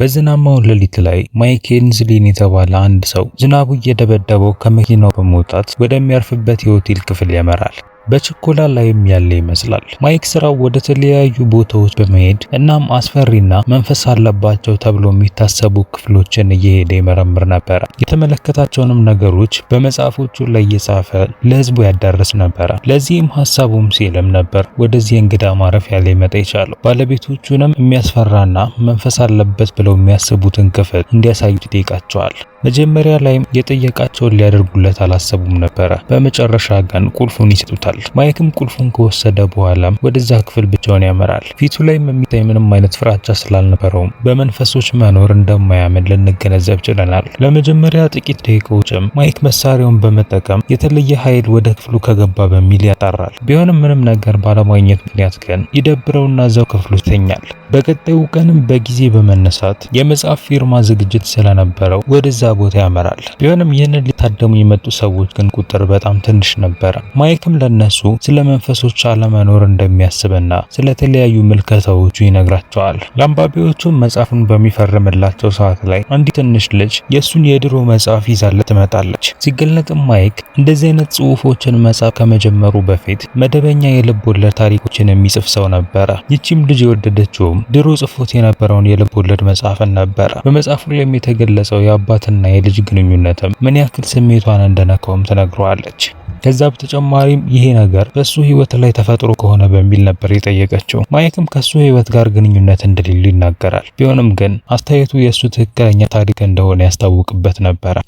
በዝናማው ሌሊት ላይ ማይኬንዝሊን የተባለ አንድ ሰው ዝናቡ እየደበደበው ከመኪናው በመውጣት ወደሚያርፍበት የሆቴል ክፍል ያመራል። በችኮላ ላይም ያለ ይመስላል። ማይክ ስራው ወደ ተለያዩ ቦታዎች በመሄድ እናም አስፈሪና መንፈስ አለባቸው ተብሎ የሚታሰቡ ክፍሎችን እየሄደ ይመረምር ነበረ። የተመለከታቸውንም ነገሮች በመጽሐፎቹ ላይ እየጻፈ ለህዝቡ ያዳረስ ነበረ። ለዚህም ሀሳቡም ሲልም ነበር ወደዚህ እንግዳ ማረፊያ ሊመጣ የቻለው ባለቤቶቹንም የሚያስፈራና መንፈስ አለበት ብለው የሚያስቡትን ክፍል እንዲያሳዩት ይጠይቃቸዋል። መጀመሪያ ላይም የጠየቃቸውን ሊያደርጉለት አላሰቡም ነበረ። በመጨረሻ ግን ቁልፉን ይሰጡታል። ማይክም ቁልፉን ከወሰደ በኋላም ወደዛ ክፍል ብቻውን ያመራል። ፊቱ ላይም የሚታይ ምንም አይነት ፍራቻ ስላልነበረውም በመንፈሶች መኖር እንደማያምን ልንገነዘብ ችለናል። ለመጀመሪያ ጥቂት ደቂቃዎችም ማይክ መሳሪያውን በመጠቀም የተለየ ኃይል ወደ ክፍሉ ከገባ በሚል ያጣራል። ቢሆንም ምንም ነገር ባለማግኘት ምክንያት ግን ይደብረውና እዛው ክፍሉ ይተኛል። በቀጣዩ ቀንም በጊዜ በመነሳት የመጽሐፍ ፊርማ ዝግጅት ስለነበረው ወደዛ ቦታ ያመራል። ቢሆንም ይህንን ሊታደሙ የመጡ ሰዎች ግን ቁጥር በጣም ትንሽ ነበረ። ማይክም ለነሱ ስለ መንፈሶች አለመኖር እንደሚያስብና ስለተለያዩ ምልከታዎቹ ይነግራቸዋል። ለአንባቢዎቹ መጽሐፉን በሚፈርምላቸው ሰዓት ላይ አንዲት ትንሽ ልጅ የእሱን የድሮ መጽሐፍ ይዛለት ትመጣለች። ሲገለጥም ማይክ እንደዚህ አይነት ጽሁፎችን መጽሐፍ ከመጀመሩ በፊት መደበኛ የልብ ወለድ ታሪኮችን የሚጽፍ ሰው ነበረ። ይቺም ልጅ የወደደችውም እንዲሁም ድሮ ጽፎት የነበረውን የልብ ወለድ መጽሐፍን ነበረ። በመጽሐፉ ላይም የተገለጸው የአባትና የልጅ ግንኙነትም ምን ያክል ስሜቷን እንደነካውም ትነግረዋለች። ከዛ በተጨማሪም ይሄ ነገር በሱ ህይወት ላይ ተፈጥሮ ከሆነ በሚል ነበር የጠየቀችው። ማይክም ከሱ ህይወት ጋር ግንኙነት እንደሌለው ይናገራል። ቢሆንም ግን አስተያየቱ የእሱ ትክክለኛ ታሪክ እንደሆነ ያስታውቅበት ነበረ።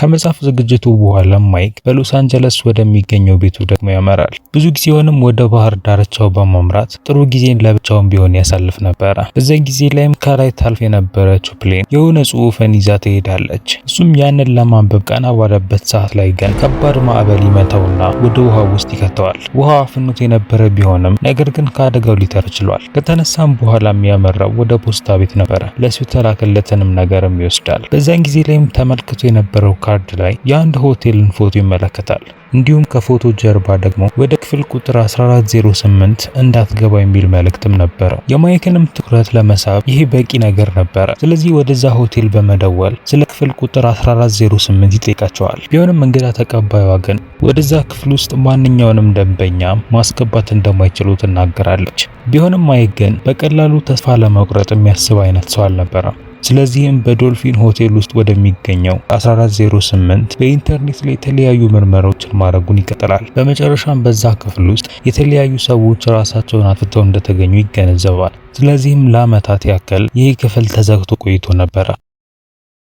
ከመጽሐፍ ዝግጅቱ በኋላ ማይክ በሎስ አንጀለስ ወደሚገኘው ቤቱ ደግሞ ያመራል። ብዙ ጊዜውንም ወደ ባህር ዳርቻው በማምራት ጥሩ ጊዜን ለብቻውን ቢሆን ያሳልፍ ነበረ። በዚያን ጊዜ ላይም ከላይ ታልፍ የነበረችው ፕሌን የሆነ ጽሑፍን ይዛ ትሄዳለች። እሱም ያንን ለማንበብ ቀና ባለበት ሰዓት ላይ ግን ከባድ ማዕበል ይመታውና ወደ ውሃ ውስጥ ይከተዋል። ውሃ አፍኖት የነበረ ቢሆንም ነገር ግን ከአደጋው ሊተር ችሏል። ከተነሳም በኋላ የሚያመራው ወደ ፖስታ ቤት ነበረ። ለሱ የተላከለትንም ነገርም ይወስዳል። በዚያን ጊዜ ላይም ተመልክቶ የነበረው ካርድ ላይ የአንድ ሆቴልን ፎቶ ይመለከታል። እንዲሁም ከፎቶ ጀርባ ደግሞ ወደ ክፍል ቁጥር 1408 እንዳትገባ የሚል መልእክትም ነበረው። የማይክንም ትኩረት ለመሳብ ይሄ በቂ ነገር ነበረ። ስለዚህ ወደዛ ሆቴል በመደወል ስለ ክፍል ቁጥር 1408 ይጠይቃቸዋል። ቢሆንም እንግዳ ተቀባዩዋ ግን ወደዛ ክፍል ውስጥ ማንኛውንም ደንበኛ ማስገባት እንደማይችሉ ትናገራለች። ቢሆንም ማይክ ግን በቀላሉ ተስፋ ለመቁረጥ የሚያስብ አይነት ሰው አልነበረም። ስለዚህም በዶልፊን ሆቴል ውስጥ ወደሚገኘው 1408 በኢንተርኔት ላይ የተለያዩ ምርመራዎችን ማድረጉን ይቀጥላል። በመጨረሻም በዛ ክፍል ውስጥ የተለያዩ ሰዎች ራሳቸውን አጥፍተው እንደተገኙ ይገነዘባል። ስለዚህም ለአመታት ያክል ይህ ክፍል ተዘግቶ ቆይቶ ነበረ።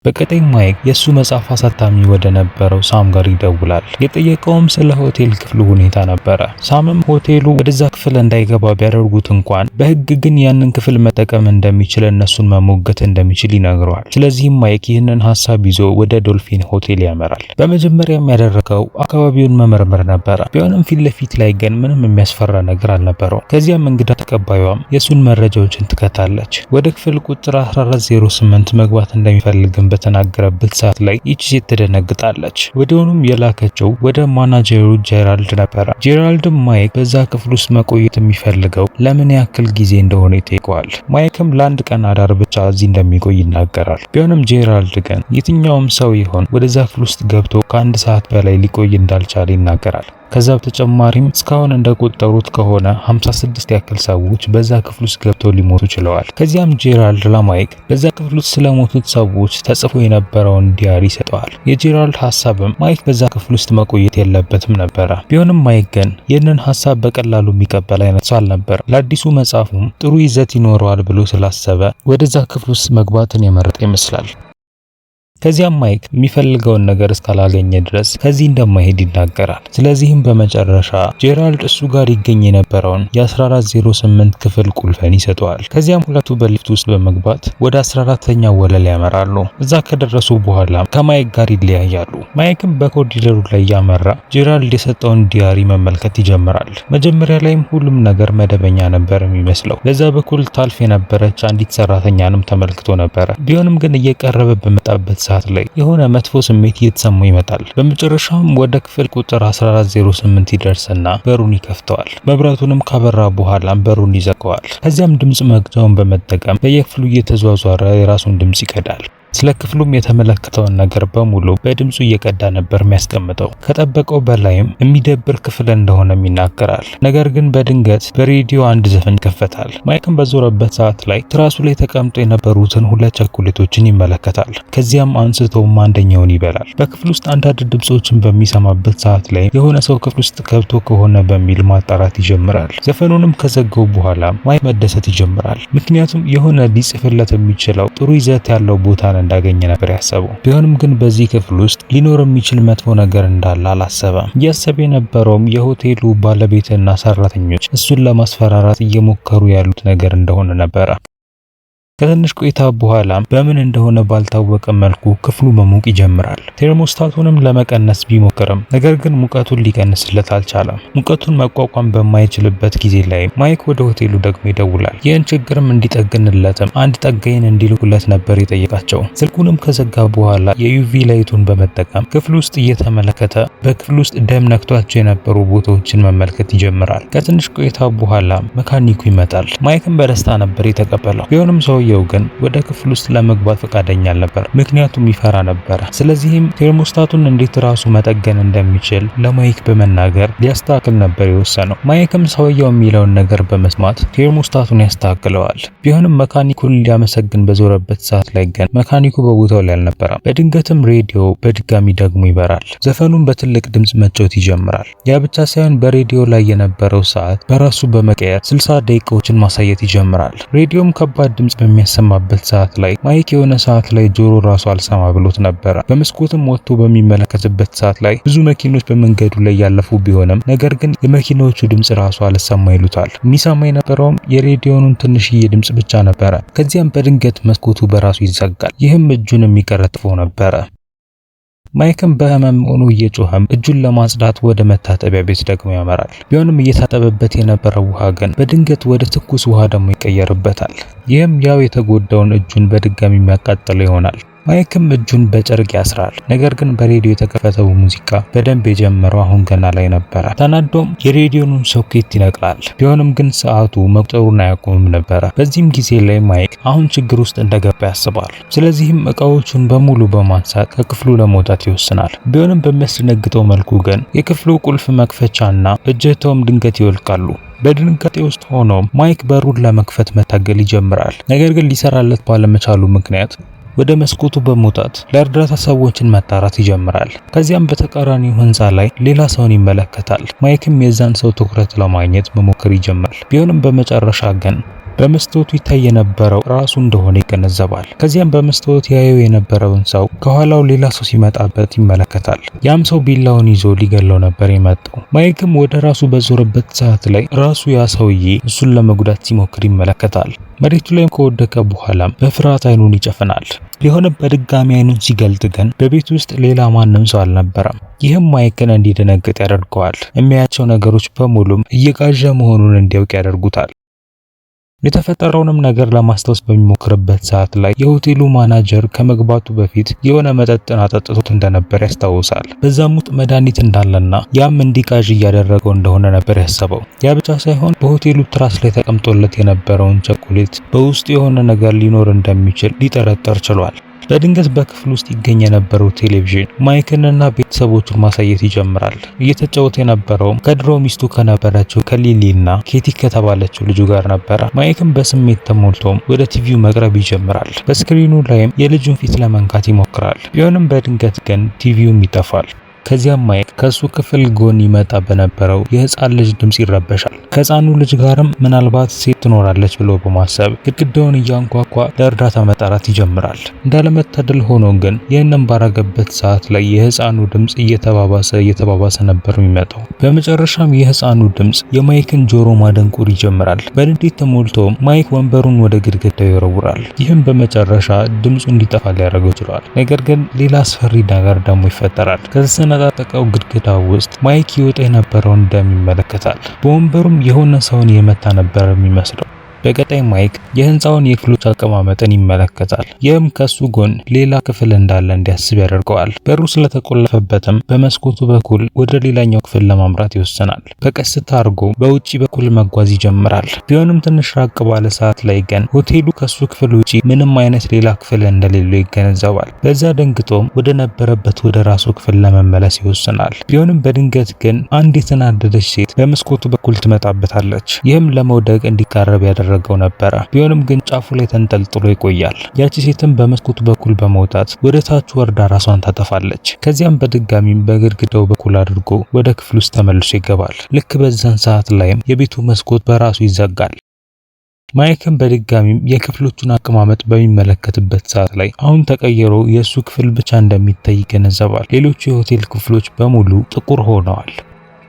በቀጣይ ማይክ የእሱ መጽሐፍ አሳታሚ ወደ ነበረው ሳም ጋር ይደውላል። የጠየቀውም ስለ ሆቴል ክፍሉ ሁኔታ ነበረ። ሳምም ሆቴሉ ወደዛ ክፍል እንዳይገባ ቢያደርጉት እንኳን በሕግ ግን ያንን ክፍል መጠቀም እንደሚችል እነሱን መሞገት እንደሚችል ይነግረዋል። ስለዚህም ማይክ ይህንን ሀሳብ ይዞ ወደ ዶልፊን ሆቴል ያመራል። በመጀመሪያም ያደረገው አካባቢውን መመርመር ነበረ። ቢሆንም ፊት ለፊት ላይ ግን ምንም የሚያስፈራ ነገር አልነበረውም። ከዚያም እንግዳ ተቀባዩም የእሱን መረጃዎችን ትከታለች። ወደ ክፍል ቁጥር 1408 መግባት እንደሚፈልግም በተናገረበት ሰዓት ላይ ይቺ ሴት ትደነግጣለች። ወዲያውኑም የላከችው ወደ ማናጀሩ ጄራልድ ነበረ። ጄራልድም ማይክ በዛ ክፍል ውስጥ መቆየት የሚፈልገው ለምን ያክል ጊዜ እንደሆነ ይጠይቀዋል። ማይክም ለአንድ ቀን አዳር ብቻ እዚህ እንደሚቆይ ይናገራል። ቢሆንም ጄራልድ ግን የትኛውም ሰው ይሆን ወደዛ ክፍል ውስጥ ገብቶ ከአንድ ሰዓት በላይ ሊቆይ እንዳልቻለ ይናገራል። ከዛ በተጨማሪም እስካሁን እንደቆጠሩት ከሆነ 56 ያክል ሰዎች በዛ ክፍል ውስጥ ገብተው ሊሞቱ ችለዋል። ከዚያም ጄራልድ ለማይክ በዛ ክፍል ውስጥ ስለሞቱት ሰዎች ተጽፎ የነበረውን ዲያሪ ይሰጠዋል። የጄራልድ ሀሳብም ማይክ በዛ ክፍል ውስጥ መቆየት የለበትም ነበረ። ቢሆንም ማይክ ግን ይህንን ሀሳብ በቀላሉ የሚቀበል አይነት ሰው አልነበረም። ለአዲሱ መጽሐፉም ጥሩ ይዘት ይኖረዋል ብሎ ስላሰበ ወደዛ ክፍል ውስጥ መግባትን የመረጠ ይመስላል። ከዚያም ማይክ የሚፈልገውን ነገር እስካላገኘ ድረስ ከዚህ እንደማይሄድ ይናገራል። ስለዚህም በመጨረሻ ጄራልድ እሱ ጋር ይገኝ የነበረውን የ1408 ክፍል ቁልፈን ይሰጠዋል። ከዚያም ሁለቱ በሊፍት ውስጥ በመግባት ወደ 14ተኛ ወለል ያመራሉ። እዛ ከደረሱ በኋላ ከማይክ ጋር ይለያያሉ። ማይክም በኮሪደሩ ላይ ያመራ ጄራልድ የሰጠውን ዲያሪ መመልከት ይጀምራል። መጀመሪያ ላይም ሁሉም ነገር መደበኛ ነበር የሚመስለው። በዛ በኩል ታልፍ የነበረች አንዲት ሰራተኛንም ተመልክቶ ነበረ። ቢሆንም ግን እየቀረበ በመጣበት ሰዓት ላይ የሆነ መጥፎ ስሜት እየተሰማው ይመጣል። በመጨረሻም ወደ ክፍል ቁጥር 1408 ይደርስና በሩን ይከፍተዋል። መብራቱንም ካበራ በኋላም በሩን ይዘጋዋል። ከዚያም ድምፅ መግጃውን በመጠቀም በየክፍሉ እየተዟዟረ የራሱን ድምፅ ይቀዳል። ስለ ክፍሉም የተመለከተውን ነገር በሙሉ በድምፁ እየቀዳ ነበር የሚያስቀምጠው። ከጠበቀው በላይም የሚደብር ክፍል እንደሆነም ይናገራል። ነገር ግን በድንገት በሬዲዮ አንድ ዘፈን ይከፈታል። ማይክም በዞረበት ሰዓት ላይ ትራሱ ላይ ተቀምጦ የነበሩትን ሁለት ቸኮሌቶችን ይመለከታል። ከዚያም አንስቶም አንደኛውን ይበላል። በክፍል ውስጥ አንዳንድ ድምፆችን በሚሰማበት ሰዓት ላይ የሆነ ሰው ክፍል ውስጥ ገብቶ ከሆነ በሚል ማጣራት ይጀምራል። ዘፈኑንም ከዘገው በኋላ ማይክ መደሰት ይጀምራል። ምክንያቱም የሆነ ሊጽፍለት የሚችለው ጥሩ ይዘት ያለው ቦታ እንዳገኘ ነበር ያሰበው። ቢሆንም ግን በዚህ ክፍል ውስጥ ሊኖር የሚችል መጥፎ ነገር እንዳለ አላሰበም። እያሰበ የነበረውም የሆቴሉ ባለቤትና ሰራተኞች እሱን ለማስፈራራት እየሞከሩ ያሉት ነገር እንደሆነ ነበረ። ከትንሽ ቆይታ በኋላም በምን እንደሆነ ባልታወቀ መልኩ ክፍሉ መሞቅ ይጀምራል። ቴርሞስታቱንም ለመቀነስ ቢሞክርም ነገር ግን ሙቀቱን ሊቀንስለት አልቻለም። ሙቀቱን መቋቋም በማይችልበት ጊዜ ላይ ማይክ ወደ ሆቴሉ ደግሞ ይደውላል። ይህን ችግርም እንዲጠግንለትም አንድ ጠጋይን እንዲልኩለት ነበር የጠየቃቸው። ስልኩንም ከዘጋ በኋላ የዩቪ ላይቱን በመጠቀም ክፍል ውስጥ እየተመለከተ በክፍል ውስጥ ደም ነክቷቸው የነበሩ ቦታዎችን መመልከት ይጀምራል። ከትንሽ ቆይታ በኋላ መካኒኩ ይመጣል። ማይክም በደስታ ነበር የተቀበለው ቢሆንም ሰው ሰውየው ግን ወደ ክፍል ውስጥ ለመግባት ፈቃደኛ አልነበር፣ ምክንያቱም ይፈራ ነበር። ስለዚህም ቴርሞስታቱን እንዴት ራሱ መጠገን እንደሚችል ለማይክ በመናገር ሊያስተካክል ነበር የወሰነው። ማይክም ሰውየው የሚለውን ነገር በመስማት ቴርሞስታቱን ያስተካክለዋል። ቢሆንም መካኒኩን ሊያመሰግን በዞረበት ሰዓት ላይ ግን መካኒኩ በቦታው ላይ አልነበረም። በድንገትም ሬዲዮ በድጋሚ ደግሞ ይበራል። ዘፈኑን በትልቅ ድምፅ መጫወት ይጀምራል። ያ ብቻ ሳይሆን በሬዲዮ ላይ የነበረው ሰዓት በራሱ በመቀየር 60 ደቂቃዎችን ማሳየት ይጀምራል። ሬዲዮም ከባድ ድምፅ በሚያሰማበት ሰዓት ላይ ማይክ የሆነ ሰዓት ላይ ጆሮ ራሱ አልሰማ ብሎት ነበረ። በመስኮትም ወጥቶ በሚመለከትበት ሰዓት ላይ ብዙ መኪኖች በመንገዱ ላይ ያለፉ ቢሆንም ነገር ግን የመኪናዎቹ ድምፅ ራሱ አልሰማ ይሉታል። የሚሰማ የነበረውም የሬዲዮኑን ትንሽዬ ድምጽ ብቻ ነበረ። ከዚያም በድንገት መስኮቱ በራሱ ይዘጋል። ይህም እጁን የሚቀረጥፈው ነበረ። ማይክም በህመም ሆኖ እየጮኸም እጁን ለማጽዳት ወደ መታጠቢያ ቤት ደግሞ ያመራል። ቢሆንም እየታጠበበት የነበረው ውሃ ግን በድንገት ወደ ትኩስ ውሃ ደግሞ ይቀየርበታል። ይህም ያው የተጎዳውን እጁን በድጋሚ የሚያቃጥለው ይሆናል። ማይክም እጁን በጨርቅ ያስራል። ነገር ግን በሬዲዮ የተከፈተው ሙዚቃ በደንብ የጀመረው አሁን ገና ላይ ነበረ። ተናዶም የሬዲዮኑን ሶኬት ይነቅላል። ቢሆንም ግን ሰዓቱ መቁጠሩን አያቆምም ነበረ። በዚህም ጊዜ ላይ ማይክ አሁን ችግር ውስጥ እንደገባ ያስባል። ስለዚህም እቃዎቹን በሙሉ በማንሳት ከክፍሉ ለመውጣት ይወስናል። ቢሆንም በሚያስደነግጠው መልኩ ግን የክፍሉ ቁልፍ መክፈቻና እጀታውም ድንገት ይወልቃሉ። በድንጋጤ ውስጥ ሆኖ ማይክ በሩን ለመክፈት መታገል ይጀምራል። ነገር ግን ሊሰራለት ባለመቻሉ ምክንያት ወደ መስኮቱ በመውጣት ለእርዳታ ሰዎችን መጣራት ይጀምራል። ከዚያም በተቃራኒው ህንፃ ላይ ሌላ ሰውን ይመለከታል። ማይክም የዛን ሰው ትኩረት ለማግኘት መሞከር ይጀምራል። ቢሆንም በመጨረሻ ግን በመስታወቱ ይታይ የነበረው ራሱ እንደሆነ ይገነዘባል። ከዚያም በመስታወት ያየው የነበረውን ሰው ከኋላው ሌላ ሰው ሲመጣበት ይመለከታል። ያም ሰው ቢላውን ይዞ ሊገለው ነበር የመጣው። ማይክም ወደ ራሱ በዞረበት ሰዓት ላይ ራሱ ያ ሰውዬ እሱን ለመጉዳት ሲሞክር ይመለከታል። መሬቱ ላይ ከወደቀ በኋላም በፍርሃት አይኑን ይጨፍናል። ቢሆንም በድጋሚ አይኑን ሲገልጥ ግን በቤት ውስጥ ሌላ ማንም ሰው አልነበረም። ይህም ማይክን እንዲደነግጥ ያደርገዋል። የሚያያቸው ነገሮች በሙሉም እየጋዣ መሆኑን እንዲያውቅ ያደርጉታል። የተፈጠረውንም ነገር ለማስታወስ በሚሞክርበት ሰዓት ላይ የሆቴሉ ማናጀር ከመግባቱ በፊት የሆነ መጠጥን አጠጥቶት እንደነበር ያስታውሳል። በዛም ውስጥ መድኃኒት እንዳለና ያም እንዲቃዥ እያደረገው እንደሆነ ነበር ያሰበው። ያ ብቻ ሳይሆን በሆቴሉ ትራስ ላይ ተቀምጦለት የነበረውን ቸኮሌት በውስጡ የሆነ ነገር ሊኖር እንደሚችል ሊጠረጠር ችሏል። በድንገት በክፍል ውስጥ ይገኝ የነበረው ቴሌቪዥን ማይክንና ቤተሰቦቹን ማሳየት ይጀምራል። እየተጫወተ የነበረውም ከድሮ ሚስቱ ከነበረችው ከሊሊና ኬቲ ከተባለችው ልጁ ጋር ነበረ። ማይክን በስሜት ተሞልቶም ወደ ቲቪው መቅረብ ይጀምራል። በስክሪኑ ላይም የልጁን ፊት ለመንካት ይሞክራል። ቢሆንም በድንገት ግን ቲቪውም ይጠፋል። ከዚያም ማይክ ከሱ ክፍል ጎን ይመጣ በነበረው የህፃን ልጅ ድምፅ ይረበሻል። ከህፃኑ ልጅ ጋርም ምናልባት ሴት ትኖራለች ብሎ በማሰብ ግድግዳውን እያንኳኳ ለእርዳታ መጣራት ይጀምራል። እንዳለመታደል ሆኖ ግን ይህንን ባረገበት ሰዓት ላይ የህፃኑ ድምፅ እየተባባሰ እየተባባሰ ነበር የሚመጣው። በመጨረሻም የህፃኑ ድምፅ የማይክን ጆሮ ማደንቁር ይጀምራል። በንዴት ተሞልቶም ማይክ ወንበሩን ወደ ግድግዳው ይወረውራል። ይህም በመጨረሻ ድምፁ እንዲጠፋ ሊያደርገው ችሏል። ነገር ግን ሌላ አስፈሪ ነገር ደግሞ ይፈጠራል። በተመናጠቀው ግድግዳ ውስጥ ማይክ ይወጣ የነበረውን ደም ይመለከታል። በወንበሩም የሆነ ሰውን የመታ ነበር የሚመስለው። በቀጣይ ማይክ የህንፃውን የክፍሎች አቀማመጥን ይመለከታል። ይህም ከሱ ጎን ሌላ ክፍል እንዳለ እንዲያስብ ያደርገዋል። በሩ ስለተቆለፈበትም በመስኮቱ በኩል ወደ ሌላኛው ክፍል ለማምራት ይወሰናል። በቀስታ አድርጎ በውጭ በኩል መጓዝ ይጀምራል። ቢሆንም ትንሽ ራቅ ባለ ሰዓት ላይ ግን ሆቴሉ ከሱ ክፍል ውጪ ምንም አይነት ሌላ ክፍል እንደሌለው ይገነዘባል። በዛ ደንግጦም ወደ ነበረበት ወደ ራሱ ክፍል ለመመለስ ይወስናል። ቢሆንም በድንገት ግን አንድ የተናደደች ሴት በመስኮቱ በኩል ትመጣበታለች። ይህም ለመውደቅ እንዲቃረብ ያደረ እያደረገው ነበረ። ቢሆንም ግን ጫፉ ላይ ተንጠልጥሎ ይቆያል። ያቺ ሴትም በመስኮቱ በኩል በመውጣት ወደ ታች ወርዳ ራሷን ታጠፋለች። ከዚያም በድጋሚም በግድግዳው በኩል አድርጎ ወደ ክፍል ውስጥ ተመልሶ ይገባል። ልክ በዛን ሰዓት ላይም የቤቱ መስኮት በራሱ ይዘጋል። ማይክም በድጋሚም የክፍሎቹን አቀማመጥ በሚመለከትበት ሰዓት ላይ አሁን ተቀይሮ የእሱ ክፍል ብቻ እንደሚታይ ይገነዘባል። ሌሎቹ የሆቴል ክፍሎች በሙሉ ጥቁር ሆነዋል።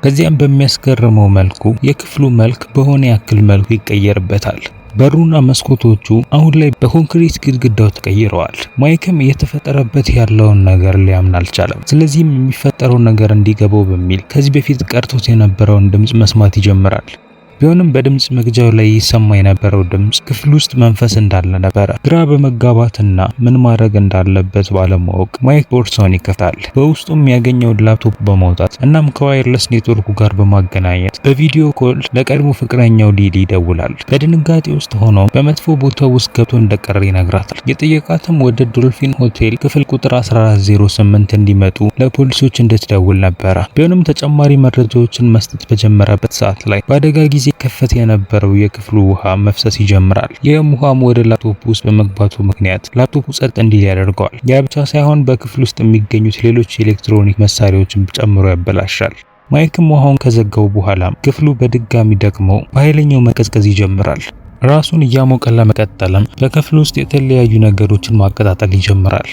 ከዚያም በሚያስገርመው መልኩ የክፍሉ መልክ በሆነ ያክል መልኩ ይቀየርበታል። በሩና መስኮቶቹ አሁን ላይ በኮንክሪት ግድግዳው ተቀይረዋል። ማይክም እየተፈጠረበት ያለውን ነገር ሊያምን አልቻለም። ስለዚህም የሚፈጠረውን ነገር እንዲገባው በሚል ከዚህ በፊት ቀርቶት የነበረውን ድምፅ መስማት ይጀምራል። ቢሆንም በድምፅ መግጃው ላይ ይሰማ የነበረው ድምፅ ክፍል ውስጥ መንፈስ እንዳለ ነበረ። ግራ በመጋባትና ምን ማድረግ እንዳለበት ባለማወቅ ማይክ ቦርሳውን ይከፍታል። በውስጡም ያገኘውን ላፕቶፕ በማውጣት እናም ከዋይርለስ ኔትወርኩ ጋር በማገናኘት በቪዲዮ ኮል ለቀድሞ ፍቅረኛው ሊሊ ይደውላል። በድንጋጤ ውስጥ ሆኖ በመጥፎ ቦታ ውስጥ ገብቶ እንደቀረ ይነግራታል። የጠየቃትም ወደ ዶልፊን ሆቴል ክፍል ቁጥር 1408 እንዲመጡ ለፖሊሶች እንድትደውል ነበረ። ቢሆንም ተጨማሪ መረጃዎችን መስጠት በጀመረበት ሰዓት ላይ በአደጋ ጊዜ ሲከፈት የነበረው የክፍሉ ውሃ መፍሰስ ይጀምራል። ይህም ውሃም ወደ ላፕቶፕ ውስጥ በመግባቱ ምክንያት ላፕቶፑ ጸጥ እንዲል ያደርገዋል። ያ ብቻ ሳይሆን በክፍል ውስጥ የሚገኙት ሌሎች ኤሌክትሮኒክ መሳሪያዎችን ጨምሮ ያበላሻል። ማይክም ውሃውን ከዘጋው በኋላ ክፍሉ በድጋሚ ደግሞ በኃይለኛው መቀዝቀዝ ይጀምራል። ራሱን እያሞቀ ለመቀጠልም በክፍል ውስጥ የተለያዩ ነገሮችን ማቀጣጠል ይጀምራል።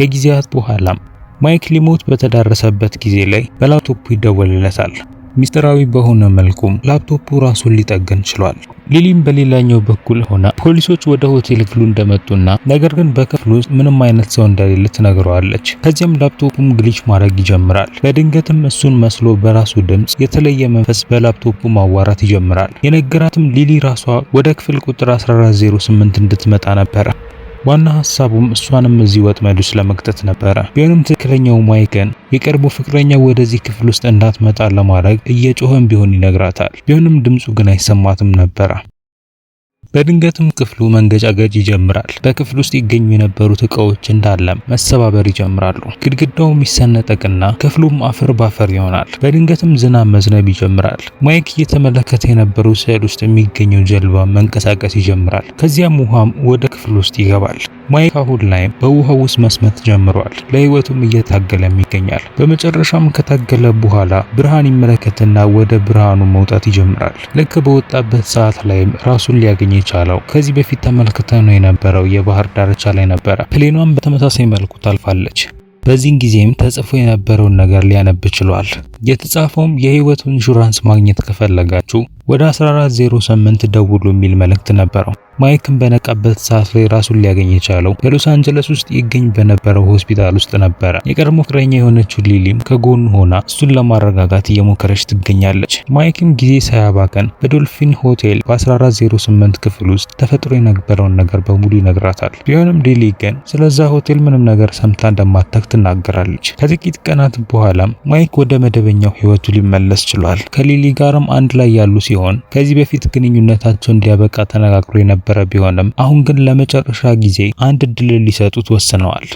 ከጊዜያት በኋላም ማይክ ሊሞት በተዳረሰበት ጊዜ ላይ በላፕቶፑ ይደወልለታል። ሚስጥራዊ በሆነ መልኩም ላፕቶፑ ራሱን ሊጠገን ችሏል። ሊሊም በሌላኛው በኩል ሆና ፖሊሶች ወደ ሆቴል ክፍሉ እንደመጡና ነገር ግን በክፍሉ ውስጥ ምንም አይነት ሰው እንደሌለ ትነግረዋለች። ከዚያም ላፕቶፑም ግሊች ማድረግ ይጀምራል። በድንገትም እሱን መስሎ በራሱ ድምፅ የተለየ መንፈስ በላፕቶፑ ማዋራት ይጀምራል። የነገራትም ሊሊ ራሷ ወደ ክፍል ቁጥር 1408 እንድትመጣ ነበረ። ዋና ሀሳቡም እሷንም እዚህ ወጥመድ ውስጥ ለመቅጠት ነበረ። ቢሆንም ትክክለኛው ማይከን የቀድሞ ፍቅረኛ ወደዚህ ክፍል ውስጥ እንዳትመጣ ለማድረግ እየጮኸም ቢሆን ይነግራታል። ቢሆንም ድምፁ ግን አይሰማትም ነበረ። በድንገትም ክፍሉ መንገጫገጭ ይጀምራል። በክፍል ውስጥ ይገኙ የነበሩት እቃዎች እንዳለም መሰባበር ይጀምራሉ። ግድግዳውም ይሰነጠቅና ክፍሉም አፈር ባፈር ይሆናል። በድንገትም ዝናብ መዝነብ ይጀምራል። ማይክ እየተመለከተ የነበረው ስዕል ውስጥ የሚገኘው ጀልባ መንቀሳቀስ ይጀምራል። ከዚያም ውሃም ወደ ክፍል ውስጥ ይገባል። ማይክ አሁን ላይ በውሃው ውስጥ መስመት ጀምሯል። ለህይወቱም እየታገለም ይገኛል። በመጨረሻም ከታገለ በኋላ ብርሃን ይመለከትና ወደ ብርሃኑ መውጣት ይጀምራል። ልክ በወጣበት ሰዓት ላይም ራሱን ሊያገኝ የቻለው ከዚህ በፊት ተመልክተ ነው የነበረው የባህር ዳርቻ ላይ ነበረ። ፕሌኗም በተመሳሳይ መልኩ ታልፋለች። በዚህን ጊዜም ተጽፎ የነበረውን ነገር ሊያነብ ችሏል። የተጻፈውም የህይወት ኢንሹራንስ ማግኘት ከፈለጋችሁ ወደ 1408 ደውሉ የሚል መልእክት ነበረው። ማይክን በነቃበት ሰዓት ላይ ራሱን ሊያገኝ የቻለው በሎስ አንጀለስ ውስጥ ይገኝ በነበረው ሆስፒታል ውስጥ ነበረ። የቀድሞ ፍቅረኛ የሆነችው ሊሊም ከጎኑ ሆና እሱን ለማረጋጋት እየሞከረች ትገኛለች። ማይክም ጊዜ ሳያባከን በዶልፊን ሆቴል በ1408 ክፍል ውስጥ ተፈጥሮ የነበረውን ነገር በሙሉ ይነግራታል። ቢሆንም ሊሊ ግን ስለዛ ሆቴል ምንም ነገር ሰምታ እንደማታክ ትናገራለች። ከጥቂት ቀናት በኋላም ማይክ ወደ መደበኛው ህይወቱ ሊመለስ ችሏል። ከሊሊ ጋርም አንድ ላይ ያሉ ሲሆን ከዚህ በፊት ግንኙነታቸው እንዲያበቃ ተነጋግሮ የነበ የነበረ ቢሆንም አሁን ግን ለመጨረሻ ጊዜ አንድ እድል ሊሰጡት ወስነዋል።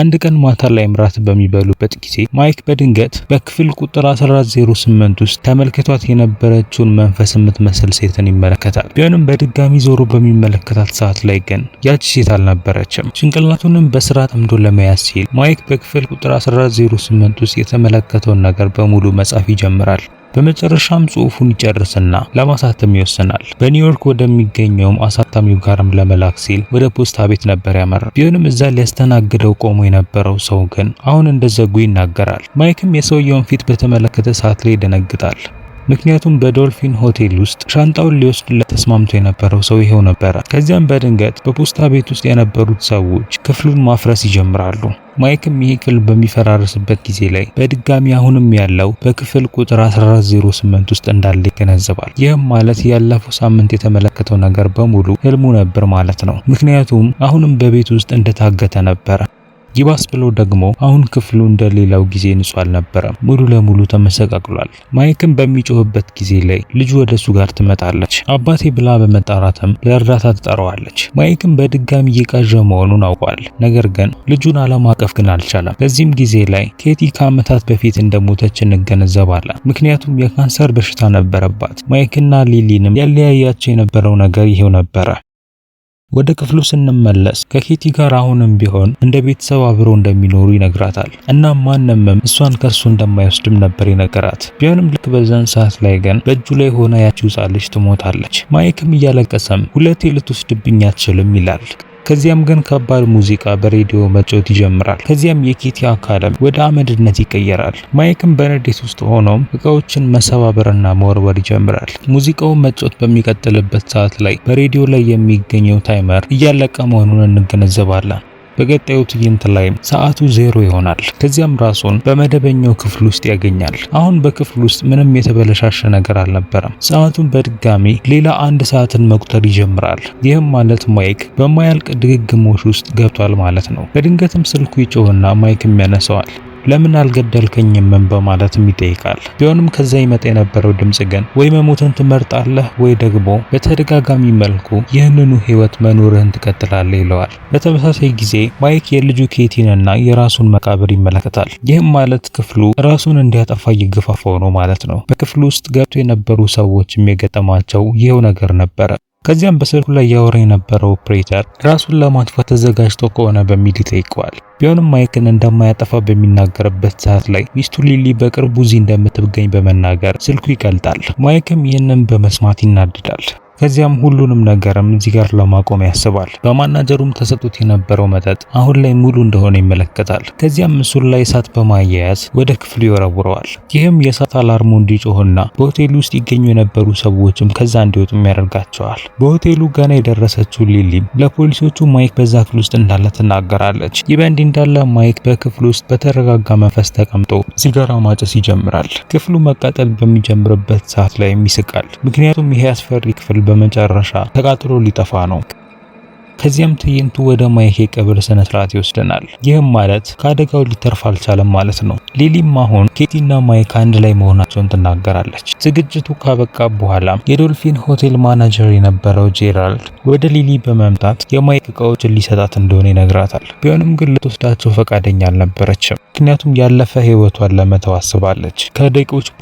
አንድ ቀን ማታ ላይ ምራት በሚበሉበት ጊዜ ማይክ በድንገት በክፍል ቁጥር 1408 ውስጥ ተመልክቷት የነበረችውን መንፈስ የምትመስል ሴትን ይመለከታል። ቢሆንም በድጋሚ ዞሮ በሚመለከታት ሰዓት ላይ ግን ያቺ ሴት አልነበረችም። ጭንቅላቱንም በስራ ጠምዶ ለመያዝ ሲል ማይክ በክፍል ቁጥር 1408 ውስጥ የተመለከተውን ነገር በሙሉ መጻፍ ይጀምራል። በመጨረሻም ጽሁፉን ይጨርስና ለማሳተም ይወስናል። በኒውዮርክ ወደሚገኘውም አሳታሚው ጋርም ለመላክ ሲል ወደ ፖስታ ቤት ነበር ያመራ። ቢሆንም እዛ ሊያስተናግደው ቆሞ የነበረው ሰው ግን አሁን እንደዘጉ ይናገራል። ማይክም የሰውየውን ፊት በተመለከተ ሰዓት ላይ ይደነግጣል። ምክንያቱም በዶልፊን ሆቴል ውስጥ ሻንጣውን ሊወስድ ተስማምቶ የነበረው ሰው ይሄው ነበረ። ከዚያም በድንገት በፖስታ ቤት ውስጥ የነበሩት ሰዎች ክፍሉን ማፍረስ ይጀምራሉ። ማይክም ይሄ ክፍል በሚፈራርስበት ጊዜ ላይ በድጋሚ አሁንም ያለው በክፍል ቁጥር 1408 ውስጥ እንዳለ ይገነዘባል። ይህም ማለት ያለፈው ሳምንት የተመለከተው ነገር በሙሉ ህልሙ ነበር ማለት ነው። ምክንያቱም አሁንም በቤት ውስጥ እንደታገተ ነበረ። ይባስ ብሎ ደግሞ አሁን ክፍሉ እንደሌላው ጊዜ ንጹህ አልነበረም፣ ሙሉ ለሙሉ ተመሰቃቅሏል። ማይክም በሚጮህበት ጊዜ ላይ ልጁ ወደ እሱ ጋር ትመጣለች። አባቴ ብላ በመጣራትም ለእርዳታ ትጠራዋለች። ማይክም በድጋሚ እየቃዠ መሆኑን አውቋል። ነገር ግን ልጁን አለማቀፍ ግን አልቻለም። በዚህም ጊዜ ላይ ኬቲ ከዓመታት በፊት እንደሞተች እንገነዘባለን። ምክንያቱም የካንሰር በሽታ ነበረባት። ማይክና ሊሊንም ያለያያቸው የነበረው ነገር ይሄው ነበረ። ወደ ክፍሉ ስንመለስ ከኬቲ ጋር አሁንም ቢሆን እንደ ቤተሰብ አብሮ እንደሚኖሩ ይነግራታል። እናም ማንምም እሷን ከእርሱ እንደማይወስድም ነበር ይነገራት። ቢሆንም ልክ በዛን ሰዓት ላይ ግን በእጁ ላይ ሆና ያቺው ሕፃን ልጅ ትሞታለች። ማይክም እያለቀሰም ሁለቴ ልትወስድብኝ አትችልም ይላል። ከዚያም ግን ከባድ ሙዚቃ በሬዲዮ መጫወት ይጀምራል። ከዚያም የኪቲ አካዳሚ ወደ አመድነት ይቀየራል። ማይክም በንዴት ውስጥ ሆኖም እቃዎችን መሰባበርና መወርወር ይጀምራል። ሙዚቃውን መጫወት በሚቀጥልበት ሰዓት ላይ በሬዲዮ ላይ የሚገኘው ታይመር እያለቀ መሆኑን እንገነዘባለን። በቀጣዩ ትዕይንት ላይ ሰዓቱ ዜሮ ይሆናል። ከዚያም ራሱን በመደበኛው ክፍል ውስጥ ያገኛል። አሁን በክፍል ውስጥ ምንም የተበለሻሸ ነገር አልነበረም። ሰዓቱን በድጋሚ ሌላ አንድ ሰዓትን መቁጠር ይጀምራል። ይህም ማለት ማይክ በማያልቅ ድግግሞሽ ውስጥ ገብቷል ማለት ነው። በድንገትም ስልኩ ይጮህና ማይክም ያነሳዋል። ለምን አልገደልከኝምን በማለትም ይጠይቃል። ቢሆንም ከዛ ይመጣ የነበረው ድምጽ ግን ወይ መሞትን ትመርጣለህ ወይ ደግሞ በተደጋጋሚ መልኩ ይህንኑ ህይወት መኖርህን ትቀጥላለህ ይለዋል። በተመሳሳይ ጊዜ ማይክ የልጁ ኬቲንና የራሱን መቃብር ይመለከታል። ይህም ማለት ክፍሉ ራሱን እንዲያጠፋ እየገፋፋው ነው ማለት ነው። በክፍሉ ውስጥ ገብቶ የነበሩ ሰዎችም የገጠማቸው ይኸው ነገር ነበረ። ከዚያም በስልኩ ላይ ያወራ የነበረው ኦፕሬተር ራሱን ለማጥፋት ተዘጋጅቶ ከሆነ በሚል ይጠይቀዋል። ቢሆንም ማይክን እንደማያጠፋ በሚናገርበት ሰዓት ላይ ሚስቱ ሊሊ በቅርቡ እዚህ እንደምትገኝ በመናገር ስልኩ ይቀልጣል። ማይክም ይህንን በመስማት ይናደዳል። ከዚያም ሁሉንም ነገርም እዚህ ጋር ለማቆም ያስባል። በማናጀሩም ተሰጡት የነበረው መጠጥ አሁን ላይ ሙሉ እንደሆነ ይመለከታል። ከዚያም ምስሉ ላይ እሳት በማያያዝ ወደ ክፍሉ ይወረውረዋል። ይህም የእሳት አላርሙ እንዲጮህና በሆቴሉ ውስጥ ይገኙ የነበሩ ሰዎችም ከዛ እንዲወጡም ያደርጋቸዋል። በሆቴሉ ገና የደረሰችው ሊሊም ለፖሊሶቹ ማይክ በዛ ክፍል ውስጥ እንዳለ ትናገራለች። ይህ በእንዲህ እንዳለ ማይክ በክፍሉ ውስጥ በተረጋጋ መንፈስ ተቀምጦ ሲጋራ ማጨስ ይጀምራል። ክፍሉ መቃጠል በሚጀምርበት ሰዓት ላይም ይስቃል። ምክንያቱም ይሄ አስፈሪ ክፍል በመጨረሻ ተቃጥሎ ሊጠፋ ነው። ከዚያም ትዕይንቱ ወደ ማይክ የቀብር ስነ ስርዓት ይወስደናል። ይህም ማለት ከአደጋው ሊተርፍ አልቻለም ማለት ነው። ሊሊም አሁን ኬቲና ማይክ አንድ ላይ መሆናቸውን ትናገራለች። ዝግጅቱ ካበቃ በኋላ የዶልፊን ሆቴል ማናጀር የነበረው ጄራልድ ወደ ሊሊ በመምጣት የማይክ እቃዎችን ሊሰጣት እንደሆነ ይነግራታል። ቢሆንም ግን ልትወስዳቸው ፈቃደኛ አልነበረችም። ምክንያቱም ያለፈ ህይወቷን ለመተው አስባለች።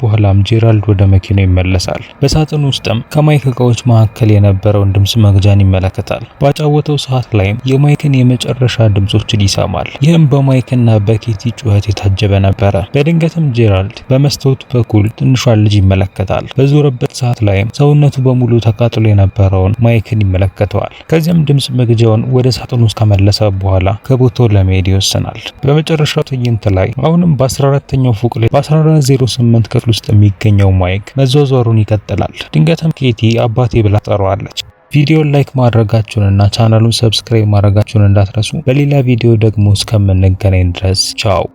በኋላም ጄራልድ ወደ መኪናው ይመለሳል። በሳጥን ውስጥም ከማይክ እቃዎች መካከል የነበረውን ድምፅ መግጃን ይመለከታል። ባጫወት በሚጫወተው ሰዓት ላይም የማይክን የመጨረሻ ድምጾችን ይሰማል። ይህም በማይክና በኬቲ ጩኸት የታጀበ ነበረ። በድንገትም ጄራልድ በመስታወቱ በኩል ትንሿን ልጅ ይመለከታል። በዞረበት ሰዓት ላይም ሰውነቱ በሙሉ ተቃጥሎ የነበረውን ማይክን ይመለከተዋል። ከዚያም ድምጽ መግጃውን ወደ ሳጥን ውስጥ ከመለሰ በኋላ ከቦታው ለመሄድ ይወስናል። በመጨረሻው ትዕይንት ላይ አሁንም በ14ኛው ፎቅ ላይ በ1408 ክፍል ውስጥ የሚገኘው ማይክ መዟዟሩን ይቀጥላል። ድንገትም ኬቲ አባቴ ብላ ጠራዋለች። ቪዲዮን ላይክ ማድረጋችሁን እና ቻናሉን ሰብስክራይብ ማድረጋችሁን እንዳትረሱ። በሌላ ቪዲዮ ደግሞ እስከምንገናኝ ድረስ ቻው።